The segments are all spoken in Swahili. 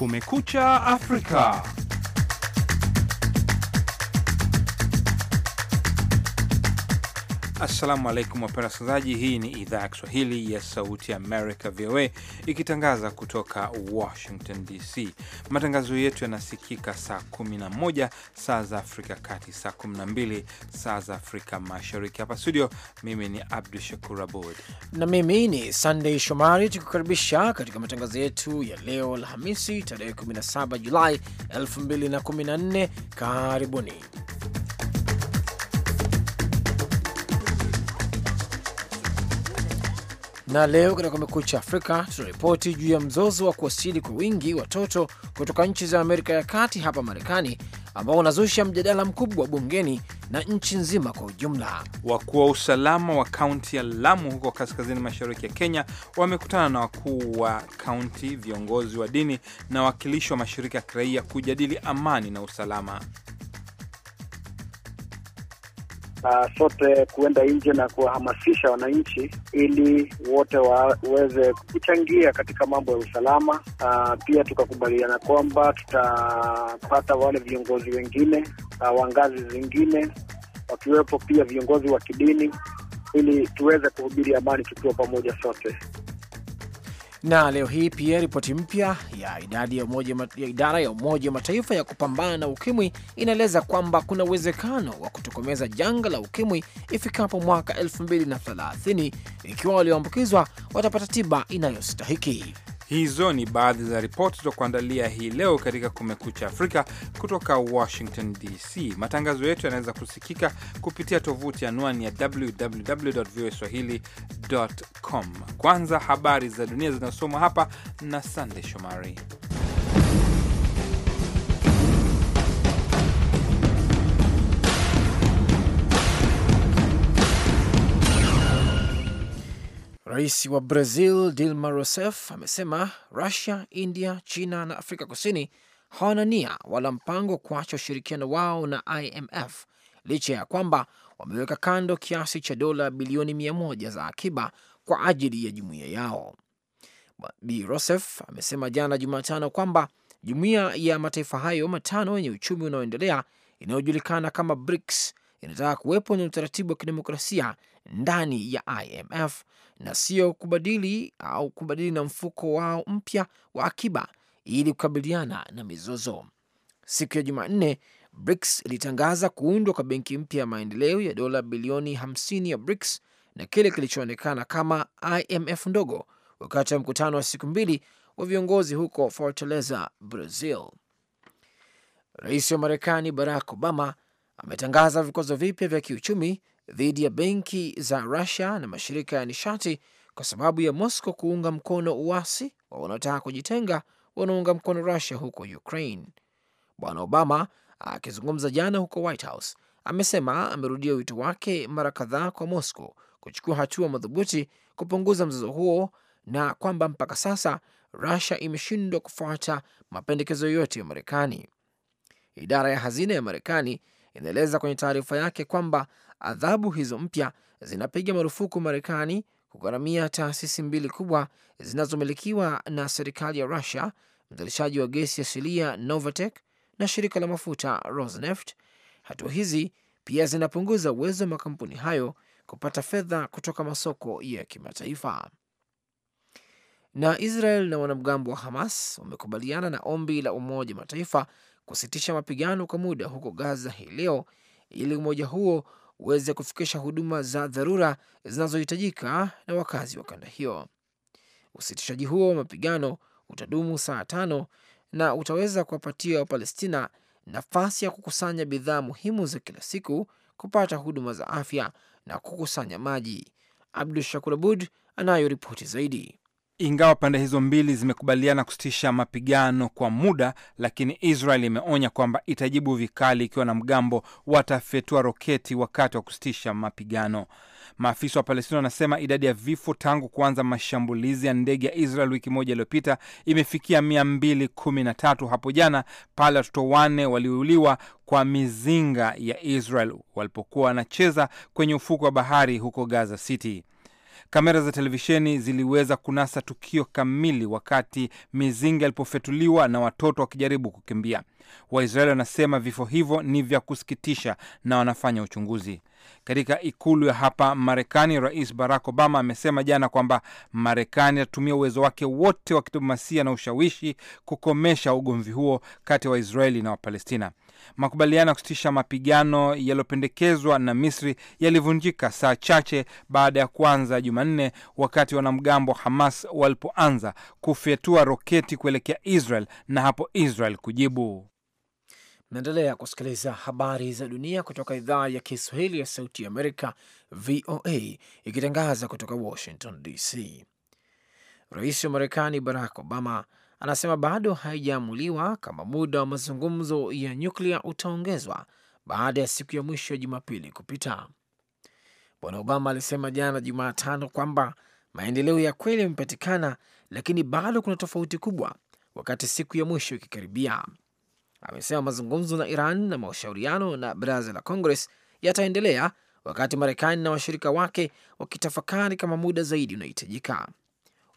Kumekucha Afrika. Assalamu alaikum wapenda wasikilizaji, hii ni idhaa ya Kiswahili ya Sauti ya Amerika, VOA, ikitangaza kutoka Washington DC. Matangazo yetu yanasikika saa 11 saa za Afrika Kati, saa 12 saa za Afrika Mashariki. Hapa studio, mimi ni Abdu Shakur Abud na mimi ni Sandey Shomari, tukikukaribisha katika matangazo yetu ya leo Alhamisi, tarehe 17 Julai 2014. Karibuni. na leo katika Kumekucha Afrika tunaripoti juu ya mzozo wa kuwasili kwa wingi watoto kutoka nchi za Amerika ya Kati hapa Marekani, ambao unazusha mjadala mkubwa bungeni na nchi nzima kwa ujumla. Wakuu wa usalama wa kaunti ya Lamu huko kaskazini mashariki ya Kenya wamekutana na wakuu wa kaunti, viongozi wa dini na wawakilishi wa mashirika ya kiraia kujadili amani na usalama uh, sote kuenda nje na kuwahamasisha wananchi ili wote waweze kuchangia katika mambo ya usalama. Uh, pia tukakubaliana kwamba tutapata wale viongozi wengine ah, wa ngazi zingine wakiwepo pia viongozi wa kidini ili tuweze kuhubiri amani tukiwa pamoja sote. Na leo hii pia ripoti mpya ya idadi ya umoja, ya idara ya Umoja wa Mataifa ya kupambana na ukimwi inaeleza kwamba kuna uwezekano wa kutokomeza janga la ukimwi ifikapo mwaka 2030 ikiwa walioambukizwa watapata tiba inayostahiki. Hizo ni baadhi za ripoti za kuandalia hii leo katika Kumekucha Afrika kutoka Washington DC. Matangazo yetu yanaweza kusikika kupitia tovuti anwani ya www voa swahili.com. Kwanza habari za dunia zinasomwa hapa na sandey Shomari. Rais wa Brazil Dilma Rousseff amesema Rusia, India, China na Afrika Kusini hawana nia wala mpango wa kuacha ushirikiano wao na IMF licha ya kwamba wameweka kando kiasi cha dola bilioni mia moja za akiba kwa ajili ya jumuiya yao. Bi Rousseff amesema jana Jumatano kwamba jumuiya ya mataifa hayo matano yenye uchumi unaoendelea inayojulikana kama BRICS inataka kuwepo na utaratibu wa kidemokrasia ndani ya IMF na sio kubadili au kubadili na mfuko wao mpya wa akiba ili kukabiliana na mizozo. Siku ya Jumanne, BRICS ilitangaza kuundwa kwa benki mpya ya maendeleo ya dola bilioni 50 ya BRICS na kile kilichoonekana kama IMF ndogo wakati wa mkutano wa siku mbili wa viongozi huko Fortaleza, Brazil. Rais wa Marekani Barack Obama ametangaza vikwazo vipya vya kiuchumi dhidi ya benki za Rusia na mashirika ya nishati kwa sababu ya Moscow kuunga mkono uasi wa wanaotaka kujitenga wanaunga mkono Rusia huko Ukraine. Bwana Obama akizungumza jana huko White House amesema amerudia wito wake mara kadhaa kwa Moscow kuchukua hatua madhubuti kupunguza mzozo huo na kwamba mpaka sasa Rusia imeshindwa kufuata mapendekezo yote ya Marekani. Idara ya hazina ya Marekani inaeleza kwenye taarifa yake kwamba adhabu hizo mpya zinapiga marufuku Marekani kugharamia taasisi mbili kubwa zinazomilikiwa na serikali ya Russia, mzalishaji wa gesi asilia Novatek na shirika la mafuta Rosneft. Hatua hizi pia zinapunguza uwezo wa makampuni hayo kupata fedha kutoka masoko ya kimataifa. Na Israel na wanamgambo wa Hamas wamekubaliana na ombi la Umoja Mataifa kusitisha mapigano kwa muda huko Gaza hii leo ili umoja huo uweze kufikisha huduma za dharura zinazohitajika na wakazi wa kanda hiyo. Usitishaji huo wa mapigano utadumu saa tano na utaweza kuwapatia Wapalestina nafasi ya kukusanya bidhaa muhimu za kila siku, kupata huduma za afya na kukusanya maji. Abdu Shakur Abud anayo ripoti zaidi. Ingawa pande hizo mbili zimekubaliana kusitisha mapigano kwa muda, lakini Israel imeonya kwamba itajibu vikali ikiwa na mgambo watafetua roketi wakati wa kusitisha mapigano. Maafisa wa Palestina wanasema idadi ya vifo tangu kuanza mashambulizi ya ndege ya Israel wiki moja iliyopita imefikia tatu hapo jana, pale watoto wanne waliuliwa kwa mizinga ya Israel walipokuwa wanacheza kwenye ufuko wa bahari huko Gaza City. Kamera za televisheni ziliweza kunasa tukio kamili wakati mizinga ilipofetuliwa na watoto wakijaribu kukimbia. Waisraeli wanasema vifo hivyo ni vya kusikitisha na wanafanya uchunguzi. Katika ikulu ya hapa Marekani, Rais Barack Obama amesema jana kwamba Marekani atatumia uwezo wake wote wa kidiplomasia na ushawishi kukomesha ugomvi huo kati ya wa Waisraeli na Wapalestina. Makubaliano ya kusitisha mapigano yaliyopendekezwa na Misri yalivunjika saa chache baada ya kuanza Jumanne, wakati wanamgambo wa Hamas walipoanza kufyatua roketi kuelekea Israel na hapo Israel kujibu. Naendelea kusikiliza habari za dunia kutoka idhaa ya Kiswahili ya Sauti ya Amerika, VOA, ikitangaza kutoka Washington DC. Rais wa Marekani Barack Obama anasema bado haijaamuliwa kama muda wa mazungumzo ya nyuklia utaongezwa baada ya siku ya mwisho ya Jumapili kupita. Bwana Obama alisema jana Jumatano kwamba maendeleo ya kweli yamepatikana, lakini bado kuna tofauti kubwa wakati siku ya mwisho ikikaribia. Amesema mazungumzo na Iran na mashauriano na baraza la Congress yataendelea wakati Marekani na washirika wake wakitafakari kama muda zaidi unahitajika.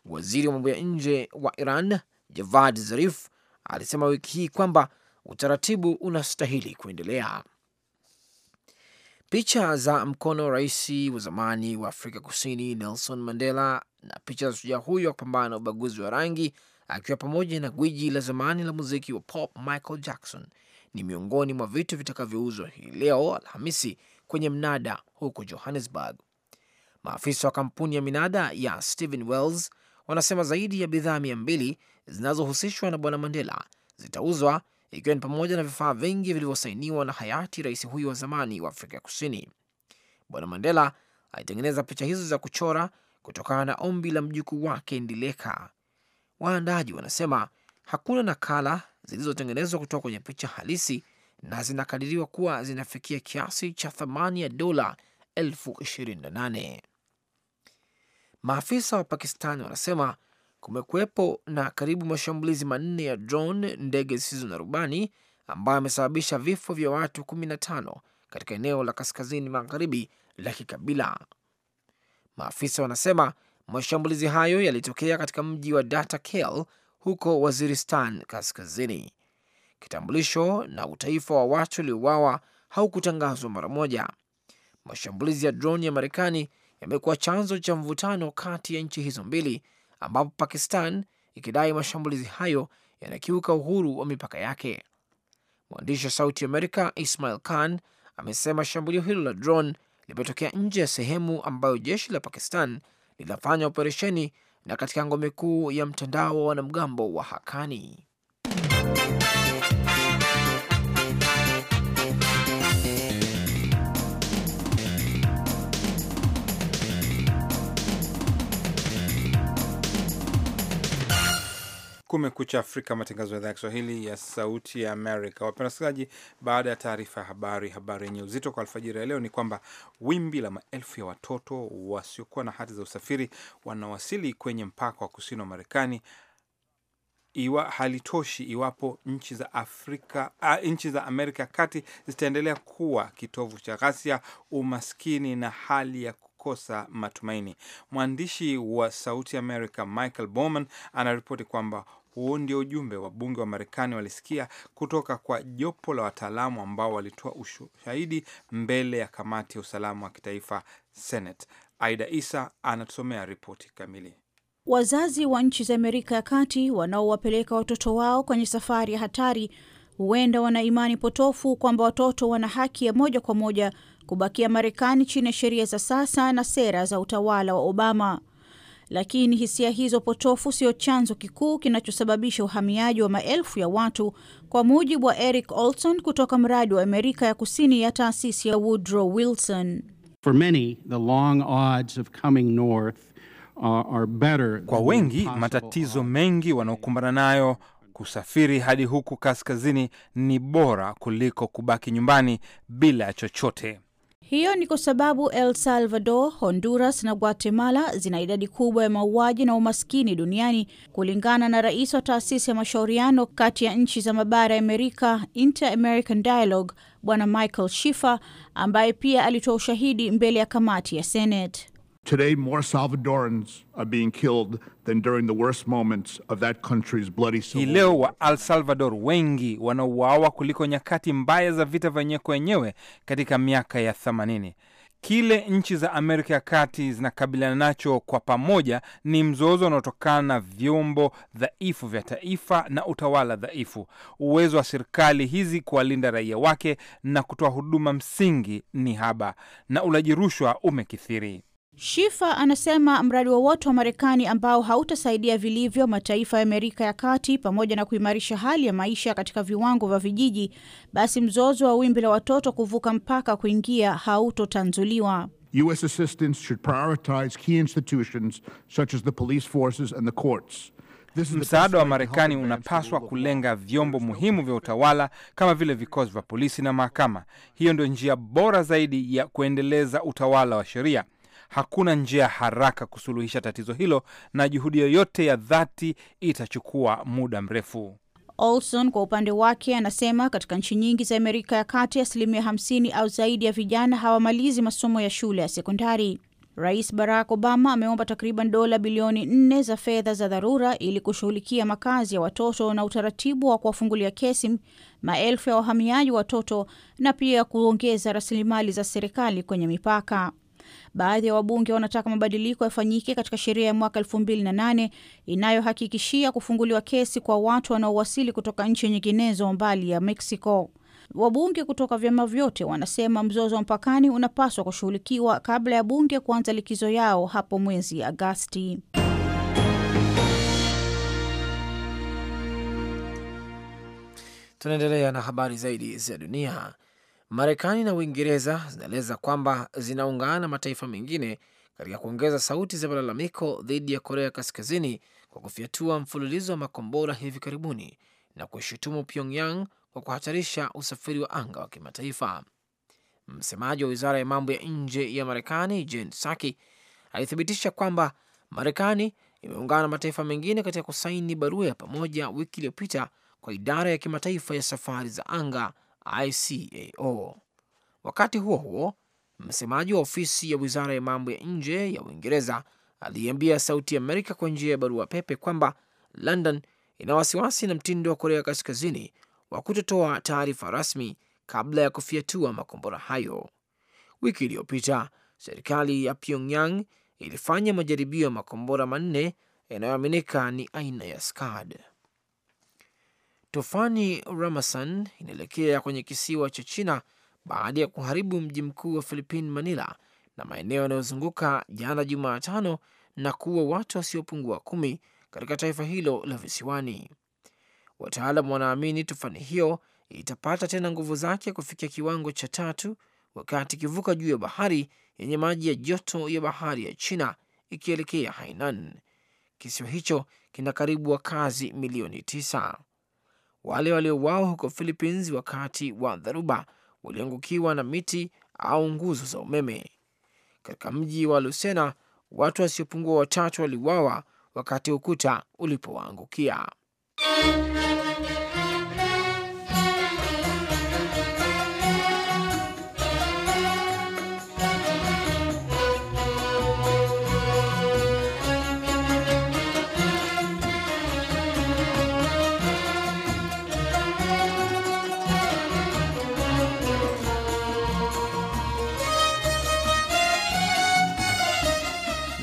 Waziri wa mambo ya nje wa Iran Javad Zarif alisema wiki hii kwamba utaratibu unastahili kuendelea. Picha za mkono rais wa zamani wa Afrika Kusini Nelson Mandela na picha za shujaa huyo wa kupambana na ubaguzi wa rangi akiwa pamoja na gwiji la zamani la muziki wa pop Michael Jackson ni miongoni mwa vitu vitakavyouzwa hii leo Alhamisi kwenye mnada huko Johannesburg. Maafisa wa kampuni ya minada ya Stephen Wells wanasema zaidi ya bidhaa mia mbili zinazohusishwa na bwana Mandela zitauzwa ikiwa ni pamoja na vifaa vingi vilivyosainiwa na hayati rais huyo wa zamani wa Afrika Kusini. Bwana Mandela alitengeneza picha hizo za kuchora kutokana na ombi la mjukuu wake Ndileka. Waandaji wanasema hakuna nakala zilizotengenezwa kutoka kwenye picha halisi na zinakadiriwa kuwa zinafikia kiasi cha thamani ya dola elfu ishirini na nane. Maafisa wa Pakistani wanasema kumekuwepo na karibu mashambulizi manne ya drone, ndege zisizo na rubani, ambayo amesababisha vifo vya watu 15 katika eneo la kaskazini magharibi la kikabila. Maafisa wanasema mashambulizi hayo yalitokea katika mji wa Datakel huko Waziristan Kaskazini. Kitambulisho na utaifa wa watu waliouawa haukutangazwa mara moja. Mashambulizi ya drone ya Marekani yamekuwa chanzo cha mvutano kati ya nchi hizo mbili ambapo Pakistan ikidai mashambulizi hayo yanakiuka uhuru wa mipaka yake. Mwandishi wa Sauti Amerika Ismail Khan amesema shambulio hilo la drone limetokea nje ya sehemu ambayo jeshi la Pakistan linafanya operesheni na katika ngome kuu ya mtandao wa wanamgambo wa Hakani. Kumekucha Afrika, matangazo ya idhaa ya Kiswahili ya Sauti ya Amerika. Wapenda wasikilizaji, baada ya taarifa ya habari, habari yenye uzito kwa alfajiri ya leo ni kwamba wimbi la maelfu ya watoto wasiokuwa na hati za usafiri wanawasili kwenye mpaka wa kusini wa Marekani iwa halitoshi iwapo nchi za Afrika, nchi za Amerika kati zitaendelea kuwa kitovu cha ghasia, umaskini na hali ya kukosa matumaini. Mwandishi wa Sauti America Michael Bowman anaripoti kwamba huo ndio ujumbe wabunge wa Marekani walisikia kutoka kwa jopo la wataalamu ambao walitoa ushahidi mbele ya kamati ya usalama wa kitaifa Senate. Aida Isa anatusomea ripoti kamili. Wazazi wa nchi za Amerika ya Kati wanaowapeleka watoto wao kwenye safari ya hatari huenda wana imani potofu kwamba watoto wana haki ya moja kwa moja kubakia Marekani chini ya sheria za sasa na sera za utawala wa Obama lakini hisia hizo potofu sio chanzo kikuu kinachosababisha uhamiaji wa maelfu ya watu, kwa mujibu wa Eric Olson kutoka mradi wa Amerika ya Kusini ya taasisi ya Woodrow Wilson. For many, the long odds of coming north are better. Kwa wengi matatizo mengi wanaokumbana nayo kusafiri hadi huku kaskazini ni bora kuliko kubaki nyumbani bila ya chochote. Hiyo ni kwa sababu El Salvador, Honduras na Guatemala zina idadi kubwa ya mauaji na umaskini duniani, kulingana na rais wa taasisi ya mashauriano kati ya nchi za mabara ya Amerika, Inter American Dialogue, Bwana Michael Shifa, ambaye pia alitoa ushahidi mbele ya kamati ya Senate. Today, more Salvadorans are being killed than during the worst moments of that country's bloody civil war. Hii leo wa El Salvador wengi wanauawa kuliko nyakati mbaya za vita vyenyewe kwa wenyewe katika miaka ya 80. Kile nchi za Amerika ya Kati zinakabiliana nacho kwa pamoja ni mzozo unaotokana na vyombo dhaifu vya taifa na utawala dhaifu. Uwezo wa serikali hizi kuwalinda raia wake na kutoa huduma msingi ni haba, na ulaji rushwa umekithiri. Shifa anasema mradi wowote wa, Marekani ambao hautasaidia vilivyo mataifa ya Amerika ya Kati pamoja na kuimarisha hali ya maisha katika viwango vya vijiji, basi mzozo wa wimbi la watoto kuvuka mpaka kuingia hautotanzuliwa. US assistance should prioritize key institutions such as the police forces and the courts. Msaada wa Marekani unapaswa kulenga vyombo muhimu vya utawala kama vile vikosi vya polisi na mahakama. Hiyo ndio njia bora zaidi ya kuendeleza utawala wa sheria hakuna njia ya haraka kusuluhisha tatizo hilo, na juhudi yoyote ya dhati itachukua muda mrefu. Olson kwa upande wake anasema katika nchi nyingi za Amerika ya Kati asilimia hamsini au zaidi ya vijana hawamalizi masomo ya shule ya sekondari. Rais Barack Obama ameomba takriban dola bilioni nne za fedha za dharura ili kushughulikia makazi ya watoto na utaratibu wa kuwafungulia kesi maelfu ya wahamiaji watoto na pia kuongeza rasilimali za serikali kwenye mipaka. Baadhi ya wabunge wanataka mabadiliko yafanyike katika sheria ya mwaka elfu mbili na nane inayohakikishia kufunguliwa kesi kwa watu wanaowasili kutoka nchi nyinginezo mbali ya Meksiko. Wabunge kutoka vyama vyote wanasema mzozo wa mpakani unapaswa kushughulikiwa kabla ya bunge kuanza likizo yao hapo mwezi Agasti. Tunaendelea na habari zaidi za dunia. Marekani na Uingereza zinaeleza kwamba zinaungana mataifa mengine katika kuongeza sauti za malalamiko dhidi ya Korea Kaskazini kwa kufyatua mfululizo wa makombora hivi karibuni na kuishutumu Pyongyang kwa kuhatarisha usafiri wa anga wa kimataifa. Msemaji wa wizara ya mambo ya nje ya Marekani Jen Psaki alithibitisha kwamba Marekani imeungana mataifa mengine katika kusaini barua ya pamoja wiki iliyopita kwa idara ya kimataifa ya safari za anga ICAO. Wakati huo huo, msemaji wa ofisi ya wizara ya mambo ya nje ya Uingereza aliambia Sauti Amerika kwa njia ya barua pepe kwamba London ina wasiwasi na mtindo wa Korea Kaskazini wa kutotoa taarifa rasmi kabla ya kufiatua makombora hayo. Wiki iliyopita serikali ya Pyongyang ilifanya majaribio ya makombora manne yanayoaminika ni aina ya SCAD. Tufani Ramasan inaelekea kwenye kisiwa cha China baada ya kuharibu mji mkuu wa Filipin, Manila, na maeneo yanayozunguka jana Jumatano na kuua watu wasiopungua kumi katika taifa hilo la visiwani. Wataalam wanaamini tufani hiyo itapata tena nguvu zake kufikia kiwango cha tatu wakati ikivuka juu ya bahari yenye maji ya joto ya bahari ya China ikielekea Hainan. Kisiwa hicho kina karibu wakazi milioni tisa. Wale waliouawa huko Philippines wakati wa dharuba waliangukiwa na miti au nguzo za umeme. Katika mji wa Lusena, watu wasiopungua watatu waliuawa wakati ukuta ulipowaangukia.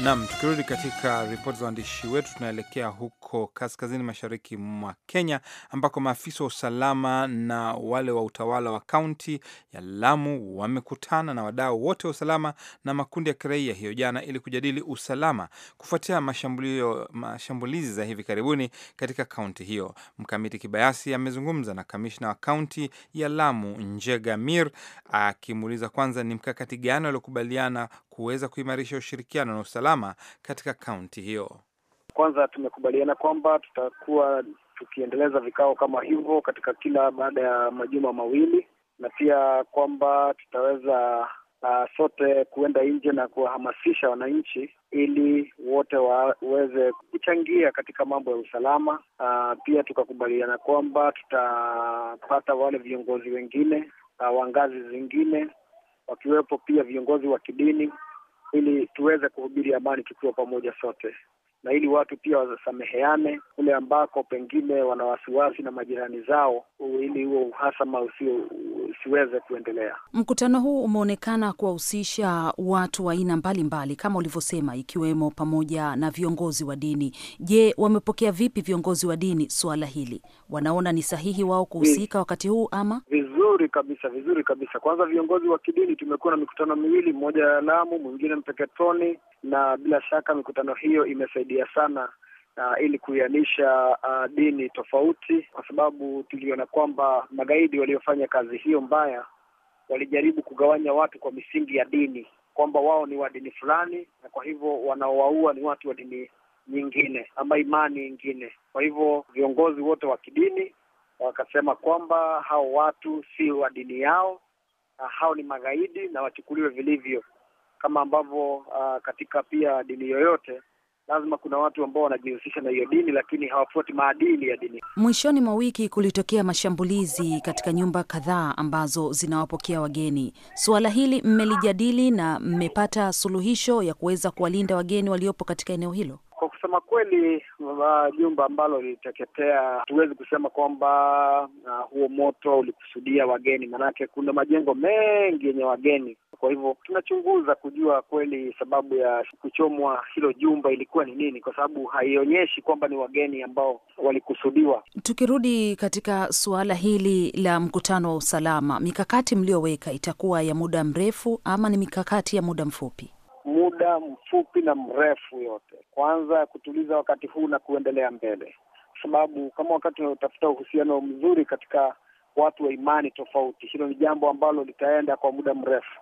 Nam, tukirudi katika ripoti za waandishi wetu, tunaelekea huko kaskazini mashariki mwa Kenya ambako maafisa wa usalama na wale wa utawala wa kaunti ya Lamu wamekutana na wadau wote wa usalama na makundi ya kiraia hiyo jana ili kujadili usalama kufuatia mashambulizi za hivi karibuni katika kaunti hiyo. Mkamiti Kibayasi amezungumza na kamishna wa kaunti ya Lamu Njega Mir akimuuliza kwanza ni mkakati gani waliokubaliana kuweza kuimarisha ushirikiano na usalama katika kaunti hiyo. Kwanza tumekubaliana kwamba tutakuwa tukiendeleza vikao kama hivyo katika kila baada ya majuma mawili, na pia kwamba tutaweza uh, sote kuenda nje na kuwahamasisha wananchi ili wote waweze kuchangia katika mambo ya usalama. Uh, pia tukakubaliana kwamba tutapata wale viongozi wengine uh, wa ngazi zingine wakiwepo pia viongozi wa kidini ili tuweze kuhubiri amani tukiwa pamoja sote na ili watu pia wasameheane kule ambako pengine wana wasiwasi na majirani zao, ili huo uhasama usiweze kuendelea. Mkutano huu umeonekana kuwahusisha watu wa aina mbalimbali kama ulivyosema, ikiwemo pamoja na viongozi wa dini. Je, wamepokea vipi viongozi wa dini suala hili? Wanaona ni sahihi wao kuhusika wakati huu ama Vizuri kabisa, vizuri kabisa. Kwanza viongozi wa kidini, tumekuwa na mikutano miwili, mmoja ya Lamu, mwingine Mpeketoni, na bila shaka mikutano hiyo imesaidia sana uh, ili kuianisha uh, dini tofauti, kwa sababu tuliona kwamba magaidi waliofanya kazi hiyo mbaya walijaribu kugawanya watu kwa misingi ya dini, kwamba wao ni wa dini fulani na kwa hivyo wanaowaua ni watu wa dini nyingine ama imani nyingine. Kwa hivyo viongozi wote wa kidini wakasema kwamba hao watu si wa dini yao na hao ni magaidi na wachukuliwe vilivyo kama ambavyo uh, katika pia dini yoyote lazima kuna watu ambao wanajihusisha na hiyo dini lakini hawafuati maadili ya dini. Mwishoni mwa wiki kulitokea mashambulizi katika nyumba kadhaa ambazo zinawapokea wageni. Suala hili mmelijadili na mmepata suluhisho ya kuweza kuwalinda wageni waliopo katika eneo hilo? Kwa kusema kweli, uh, jumba ambalo liliteketea, hatuwezi kusema kwamba uh, huo moto ulikusudia wageni, maanake kuna majengo mengi yenye wageni. Kwa hivyo tunachunguza kujua kweli sababu ya kuchomwa hilo jumba ilikuwa ni nini, kwa sababu haionyeshi kwamba ni wageni ambao walikusudiwa. Tukirudi katika suala hili la mkutano wa usalama, mikakati mlioweka itakuwa ya muda mrefu ama ni mikakati ya muda mfupi? muda mfupi na mrefu yote, kwanza kutuliza wakati huu na kuendelea mbele, kwa sababu kama wakati unaotafuta uhusiano mzuri katika watu wa imani tofauti, hilo ni jambo ambalo litaenda kwa muda mrefu.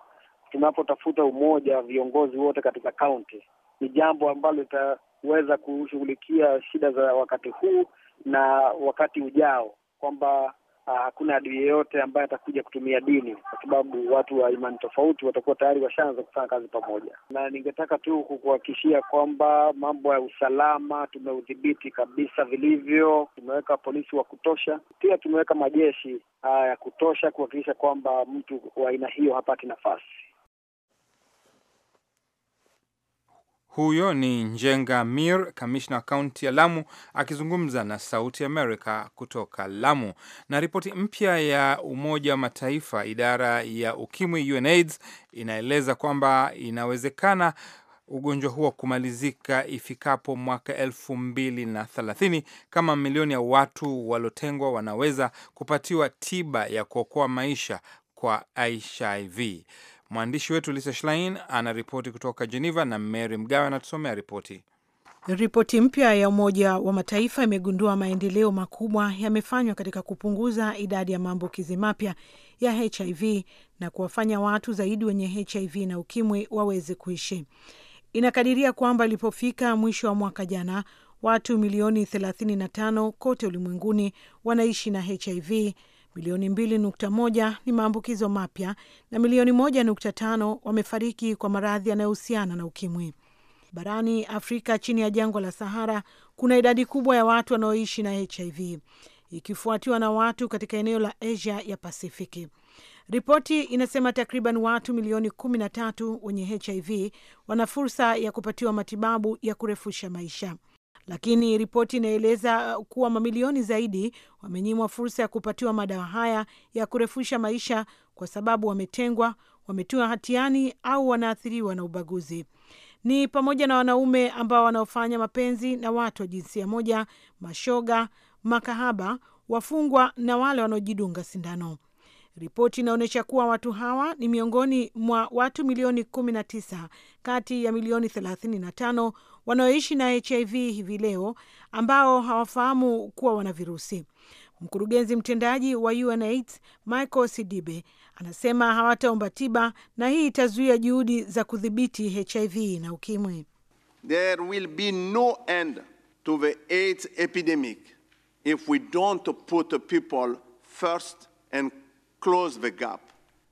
Tunapotafuta umoja wa viongozi wote katika kaunti, ni jambo ambalo litaweza kushughulikia shida za wakati huu na wakati ujao, kwamba Ah, hakuna adui yeyote ambaye atakuja kutumia dini, kwa sababu watu wa imani tofauti watakuwa tayari washaanza kufanya kazi pamoja. Na ningetaka tu kukuhakikishia kwamba mambo ya usalama tumeudhibiti kabisa vilivyo. Tumeweka polisi wa kutosha, pia tumeweka majeshi ah, ya kutosha kuhakikisha kwamba mtu wa aina hiyo hapati nafasi. Huyo ni Njenga Mir, kamishna wa kaunti ya Lamu, akizungumza na Sauti Amerika kutoka Lamu. Na ripoti mpya ya Umoja wa Mataifa, idara ya ukimwi UNAIDS, inaeleza kwamba inawezekana ugonjwa huo kumalizika ifikapo mwaka elfu mbili na thelathini kama milioni ya watu waliotengwa wanaweza kupatiwa tiba ya kuokoa maisha kwa HIV. Mwandishi wetu Lisa Schlein anaripoti kutoka Geneva na Mary Mgawe anatusomea ripoti. Ripoti mpya ya Umoja wa Mataifa imegundua maendeleo makubwa yamefanywa katika kupunguza idadi ya maambukizi mapya ya HIV na kuwafanya watu zaidi wenye HIV na ukimwi waweze kuishi. Inakadiria kwamba ilipofika mwisho wa mwaka jana, watu milioni 35 kote ulimwenguni wanaishi na HIV milioni 2.1 ni maambukizo mapya na milioni 1.5 wamefariki kwa maradhi yanayohusiana na ukimwi. Barani Afrika chini ya jangwa la Sahara kuna idadi kubwa ya watu wanaoishi na HIV ikifuatiwa na watu katika eneo la Asia ya Pasifiki. Ripoti inasema takriban watu milioni kumi na tatu wenye HIV wana fursa ya kupatiwa matibabu ya kurefusha maisha lakini ripoti inaeleza uh, kuwa mamilioni zaidi wamenyimwa fursa ya kupatiwa madawa haya ya kurefusha maisha kwa sababu wametengwa, wametiwa hatiani au wanaathiriwa na ubaguzi. Ni pamoja na wanaume ambao wanaofanya mapenzi na watu wa jinsia moja, mashoga, makahaba, wafungwa na wale wanaojidunga sindano. Ripoti inaonyesha kuwa watu hawa ni miongoni mwa watu milioni 19 kati ya milioni 35 wanaoishi na HIV hivi leo ambao hawafahamu kuwa wana virusi. Mkurugenzi mtendaji wa UNAIDS Michael Sidibe anasema hawataomba tiba na hii itazuia juhudi za kudhibiti HIV na ukimwi. There will be no end to the AIDS epidemic if we don't put people first and close the gap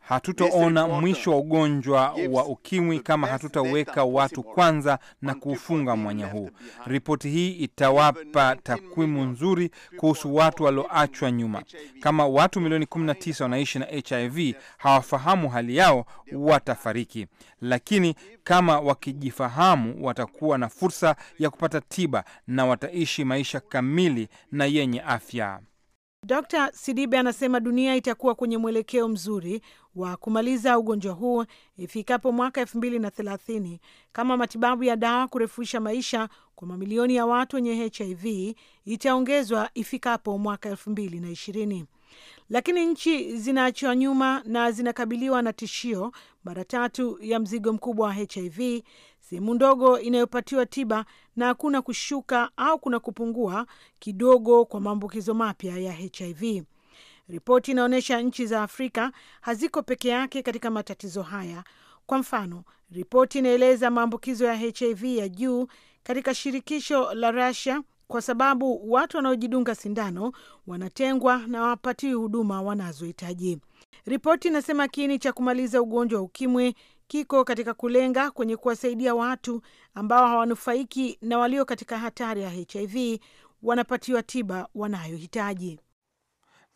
hatutoona mwisho wa ugonjwa wa ukimwi kama hatutaweka watu kwanza na kuufunga mwanya huu. Ripoti hii itawapa takwimu nzuri kuhusu watu walioachwa nyuma. Kama watu milioni 19 wanaishi na HIV hawafahamu hali yao, watafariki, lakini kama wakijifahamu, watakuwa na fursa ya kupata tiba na wataishi maisha kamili na yenye afya. Dr. Sidibe anasema dunia itakuwa kwenye mwelekeo mzuri wa kumaliza ugonjwa huu ifikapo mwaka elfu mbili na thelathini kama matibabu ya dawa kurefusha maisha kwa mamilioni ya watu wenye HIV itaongezwa ifikapo mwaka elfu mbili na ishirini lakini nchi zinaachiwa nyuma na zinakabiliwa na tishio mara tatu ya mzigo mkubwa wa HIV, sehemu ndogo inayopatiwa tiba na hakuna kushuka au kuna kupungua kidogo kwa maambukizo mapya ya HIV. Ripoti inaonyesha nchi za Afrika haziko peke yake katika matatizo haya. Kwa mfano, ripoti inaeleza maambukizo ya HIV ya juu katika shirikisho la Russia kwa sababu watu wanaojidunga sindano wanatengwa na wapatiwi huduma wanazohitaji. Ripoti inasema kiini cha kumaliza ugonjwa wa ukimwi kiko katika kulenga kwenye kuwasaidia watu ambao hawanufaiki na walio katika hatari ya HIV wanapatiwa tiba wanayohitaji.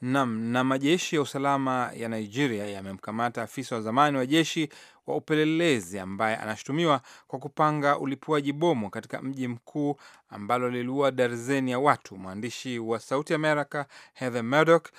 Nam na majeshi ya usalama ya Nigeria yamemkamata afisa wa zamani wa jeshi wa upelelezi ambaye anashutumiwa kwa kupanga ulipuaji bomu katika mji mkuu ambalo liliua darzeni ya watu. Mwandishi wa Sauti America Heather Murdock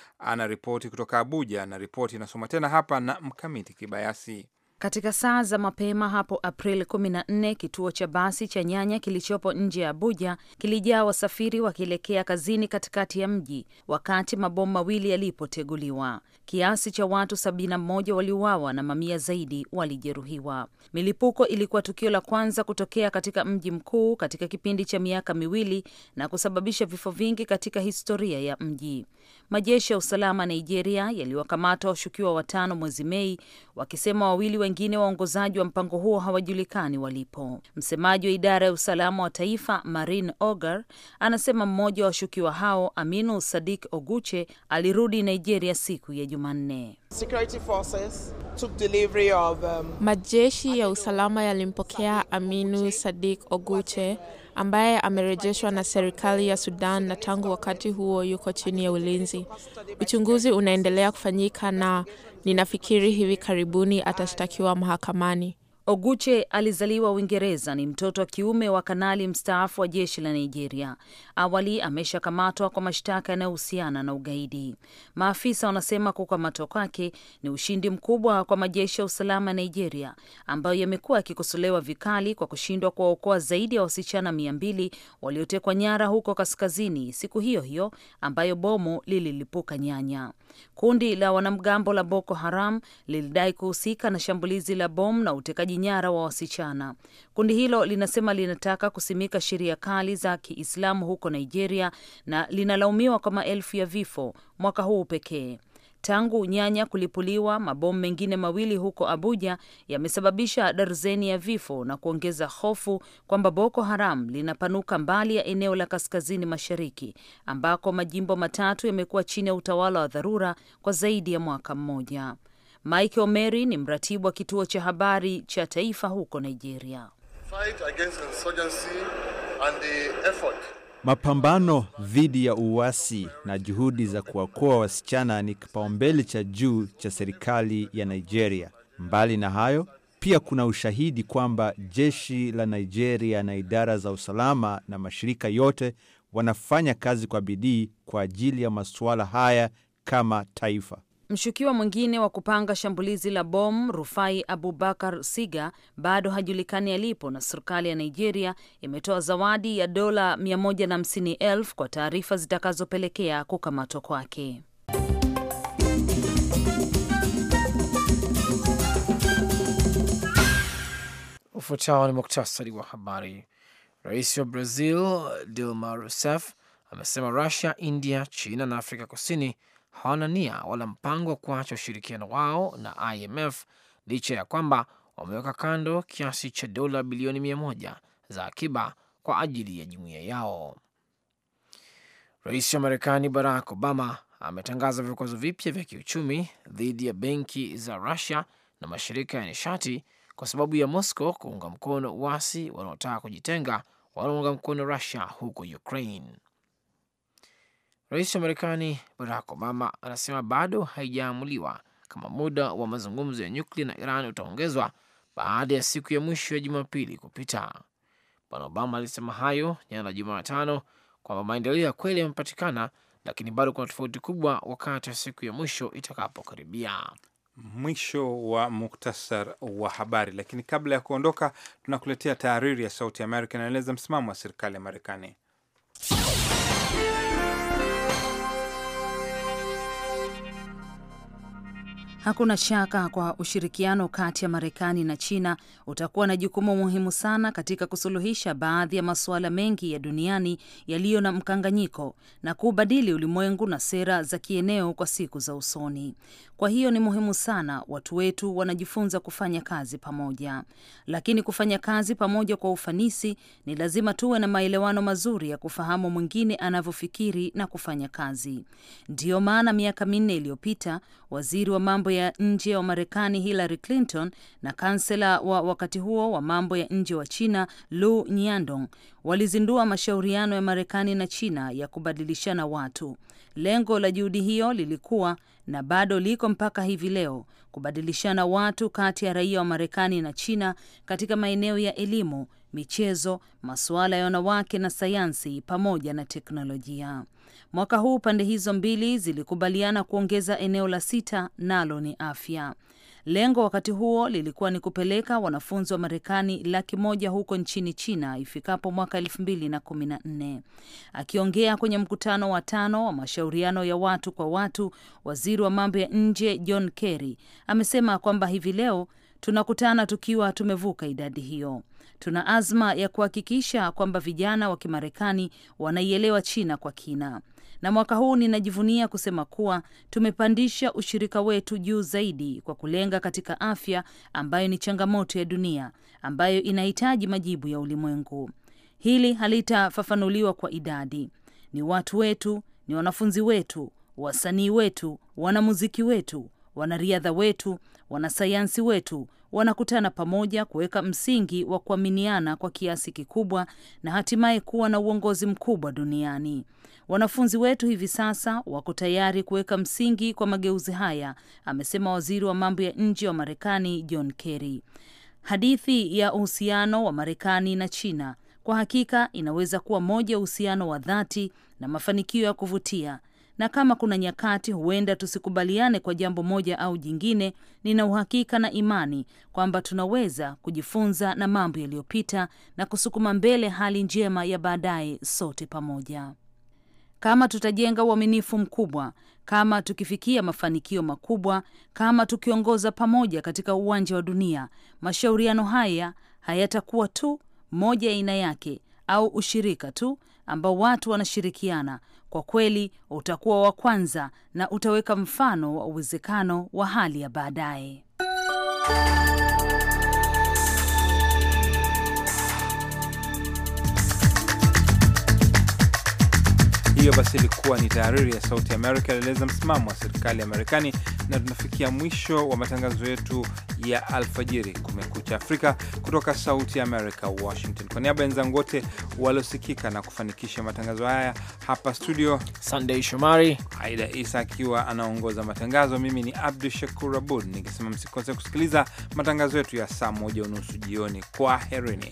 ripoti kutoka Abuja, na ripoti inasoma tena hapa na Mkamiti Kibayasi. Katika saa za mapema hapo Aprili 14 kituo cha basi cha Nyanya kilichopo nje ya Abuja kilijaa wasafiri wakielekea kazini katikati ya mji wakati mabomu mawili yalipoteguliwa. Kiasi cha watu 71 waliuawa na mamia zaidi walijeruhiwa. Milipuko ilikuwa tukio la kwanza kutokea katika mji mkuu katika kipindi cha miaka miwili na kusababisha vifo vingi katika historia ya mji. Majeshi ya usalama Nigeria yaliwakamata washukiwa watano mwezi Mei, wakisema wawili wengine waongozaji wa mpango huo hawajulikani walipo. Msemaji wa idara ya usalama wa taifa Marin Ogar anasema mmoja wa washukiwa hao Aminu Sadik Oguche alirudi Nigeria siku ya Jumanne. Um, majeshi ya usalama yalimpokea Aminu Sadik Oguche ambaye amerejeshwa na serikali ya Sudan na tangu wakati huo yuko chini ya ulinzi. Uchunguzi unaendelea kufanyika na ninafikiri hivi karibuni atashtakiwa mahakamani. Oguche alizaliwa Uingereza. Ni mtoto wa kiume wa kanali mstaafu wa jeshi la Nigeria. Awali ameshakamatwa kwa mashtaka yanayohusiana na ugaidi. Maafisa wanasema kukamatwa kwake ni ushindi mkubwa kwa majeshi ya usalama ya Nigeria, ambayo yamekuwa yakikosolewa vikali kwa kushindwa kuwaokoa zaidi ya wasichana mia mbili waliotekwa nyara huko kaskazini siku hiyo hiyo ambayo bomu lililipuka Nyanya. Kundi la wanamgambo la Boko Haram lilidai kuhusika na shambulizi la bomu na utekaji utekaji nyara wa wasichana. Kundi hilo linasema linataka kusimika sheria kali za Kiislamu huko Nigeria na linalaumiwa kwa maelfu ya vifo mwaka huu pekee. Tangu nyanya kulipuliwa, mabomu mengine mawili huko Abuja yamesababisha darzeni ya vifo na kuongeza hofu kwamba Boko Haram linapanuka mbali ya eneo la kaskazini mashariki ambako majimbo matatu yamekuwa chini ya utawala wa dharura kwa zaidi ya mwaka mmoja. Michael Mary ni mratibu wa kituo cha habari cha taifa huko Nigeria. Mapambano dhidi ya uasi na juhudi za kuwakoa wasichana ni kipaumbele cha juu cha serikali ya Nigeria. Mbali na hayo, pia kuna ushahidi kwamba jeshi la Nigeria na idara za usalama na mashirika yote wanafanya kazi kwa bidii kwa ajili ya masuala haya kama taifa. Mshukiwa mwingine wa kupanga shambulizi la bomu Rufai Abubakar Siga bado hajulikani alipo, na serikali ya Nigeria imetoa zawadi ya dola 150,000 kwa taarifa zitakazopelekea kukamatwa kwake. Ufuatao ni muktasari wa habari. Rais wa Brazil Dilma Rousseff amesema Rusia, India, China na Afrika Kusini hawana nia wala mpango wa kuacha ushirikiano wao na IMF licha ya kwamba wameweka kando kiasi cha dola bilioni mia moja za akiba kwa ajili ya jumuiya yao. Rais wa Marekani Barack Obama ametangaza vikwazo vipya vya kiuchumi dhidi ya benki za Rusia na mashirika ya nishati kwa sababu ya Moscow kuunga mkono uasi wanaotaka kujitenga wanaunga mkono Rusia huko Ukraine. Rais wa Marekani Barack Obama anasema bado haijaamuliwa kama muda wa mazungumzo ya nyuklia na Iran utaongezwa baada ya siku ya mwisho ya Jumapili kupita. Bwana Obama alisema hayo jana Jumatano kwamba maendeleo ya kweli yamepatikana, lakini bado kuna tofauti kubwa wakati wa siku ya mwisho itakapokaribia. Mwisho wa muktasar wa habari, lakini kabla ya kuondoka, tunakuletea taariri ya Sauti Amerika inaeleza msimamo wa serikali ya Marekani. Hakuna shaka kwa ushirikiano kati ya Marekani na China utakuwa na jukumu muhimu sana katika kusuluhisha baadhi ya masuala mengi ya duniani yaliyo na mkanganyiko na kuubadili ulimwengu na sera za kieneo kwa siku za usoni. Kwa hiyo ni muhimu sana watu wetu wanajifunza kufanya kazi pamoja. Lakini kufanya kazi pamoja kwa ufanisi, ni lazima tuwe na maelewano mazuri ya kufahamu mwingine anavyofikiri na kufanya kazi. Ndiyo maana miaka minne iliyopita waziri wa mambo ya nje wa Marekani Hillary Clinton na kansela wa wakati huo wa mambo ya nje wa China Lu Nyandong walizindua mashauriano ya Marekani na China ya kubadilishana watu. Lengo la juhudi hiyo lilikuwa na bado liko mpaka hivi leo kubadilishana watu kati ya raia wa Marekani na China katika maeneo ya elimu, michezo, masuala ya wanawake na sayansi pamoja na teknolojia. Mwaka huu pande hizo mbili zilikubaliana kuongeza eneo la sita, nalo ni afya. Lengo wakati huo lilikuwa ni kupeleka wanafunzi wa Marekani laki moja huko nchini China ifikapo mwaka elfu mbili na kumi na nne. Akiongea kwenye mkutano wa tano wa mashauriano ya watu kwa watu, waziri wa mambo ya nje John Kerry amesema kwamba hivi leo tunakutana tukiwa tumevuka idadi hiyo. Tuna azma ya kuhakikisha kwamba vijana wa Kimarekani wanaielewa China kwa kina na mwaka huu ninajivunia kusema kuwa tumepandisha ushirika wetu juu zaidi kwa kulenga katika afya ambayo ni changamoto ya dunia ambayo inahitaji majibu ya ulimwengu. Hili halitafafanuliwa kwa idadi. Ni watu wetu, ni wanafunzi wetu, wasanii wetu, wanamuziki wetu, wanariadha wetu, wanasayansi wetu, wanakutana pamoja kuweka msingi wa kuaminiana kwa kiasi kikubwa na hatimaye kuwa na uongozi mkubwa duniani. Wanafunzi wetu hivi sasa wako tayari kuweka msingi kwa mageuzi haya, amesema waziri wa mambo ya nje wa Marekani John Kerry. Hadithi ya uhusiano wa Marekani na China kwa hakika inaweza kuwa moja ya uhusiano wa dhati na mafanikio ya kuvutia na kama kuna nyakati huenda tusikubaliane kwa jambo moja au jingine, nina uhakika na imani kwamba tunaweza kujifunza na mambo yaliyopita na kusukuma mbele hali njema ya baadaye sote pamoja. Kama tutajenga uaminifu mkubwa, kama tukifikia mafanikio makubwa, kama tukiongoza pamoja katika uwanja wa dunia, mashauriano haya hayatakuwa tu moja ya aina yake, au ushirika tu ambao watu wanashirikiana, kwa kweli utakuwa wa kwanza na utaweka mfano wa uwezekano wa hali ya baadaye. Hiyo basi ilikuwa ni tahariri ya Sauti Amerika, alieleza msimamo wa serikali ya Marekani. Na tunafikia mwisho wa matangazo yetu ya alfajiri, Kumekucha Afrika, kutoka Sauti Amerika, Washington. Kwa niaba ya wenzangu wote waliosikika na kufanikisha matangazo haya hapa studio, Sandey Shomari, Aida Isa akiwa anaongoza matangazo, mimi ni Abdu Shakur Abud nikisema msikose kusikiliza matangazo yetu ya saa moja unusu jioni. Kwa herini.